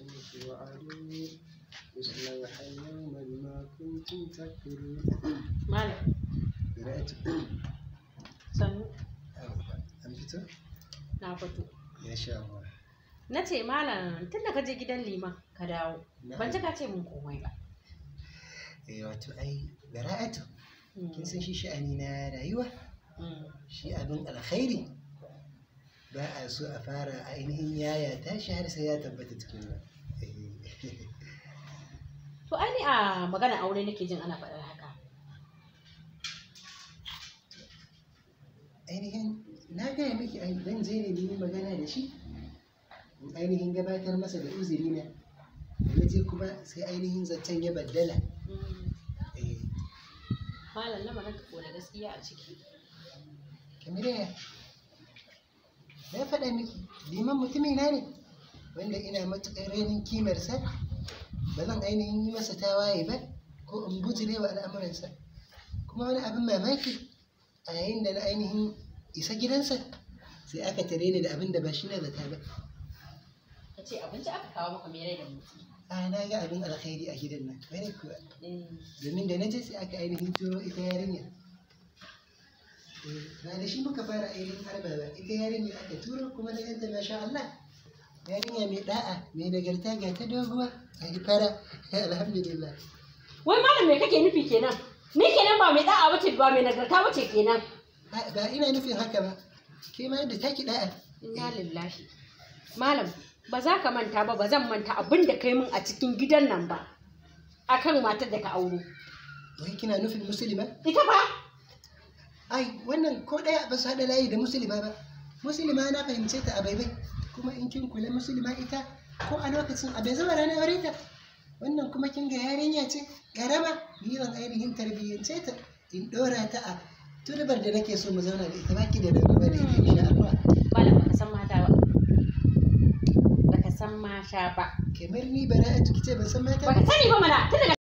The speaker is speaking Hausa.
والشمس وعلي اصلوها يوما ما كنتم تكفرون مالك na ce malam tun ka je gidan liman ka dawo ban ci ka ce mun komai ba eh wato ai kin san rayuwa shi abin ba a so a fara ainihin yaya ta shi har sai ya tabbata cikin ba. to ani a magana aure nake jin ana faɗar haka ainihin na gaya miki zan je ne yi magana da shi ainihin gabatar masa da uzuri na da je kuma sai ainihin zaton ya baddala mm. eh. malam lamarin ka kone gaskiya a ciki kamar yaya na faɗa miki liman mutumi na ne wanda ina matuƙar rainin kimarsa ba zan ainihin yi masa tawaye ba ko in butule wa al'amuransa kuma wani abin mamaki a yayin da na ainihin isa gidansa sai aka tare ni da abin da ba shi na zata ba ka ce abinci aka kawo maka mai rai da mutum a na ga abin alkhairi a gidan nan wani kuwa eh. domin da na ce sai aka ainihin turo ita yarinya ba da shi muka fara ainihin harbawa ita yarinya aka turo kuma na yanta masha Allah yarinya mai da'a mai nagarta ga ta doguwa a yi fara alhamdulillah wai malam me kake nufi kenan ni kenan ba mai da'a wace ba mai nagarta wace kenan ba ina nufin haka ba ke ma yadda ta ki da'a inna lillahi malam ba za ka manta ba ba zan manta abin da kai min a cikin gidan nan ba akan matar da ka auro wai kina nufin musulma ita ba ai wannan ko ɗaya ba su haɗa layi da musulma ba musulma na fahimce ta a baibai kuma in kin kula musulma ita ko a lokacin a bai zama ranar aure ta wannan kuma kin ga yarinya ce karama ni ainihin tarbiyyance ta in ɗora ta a turbar da nake so mu zauna da ita baki da damu ba da ita insha Allah malam baka san mata ba baka san mata ba kamar ni bara a tukice ban san mata ba ka sani ba mala tun daga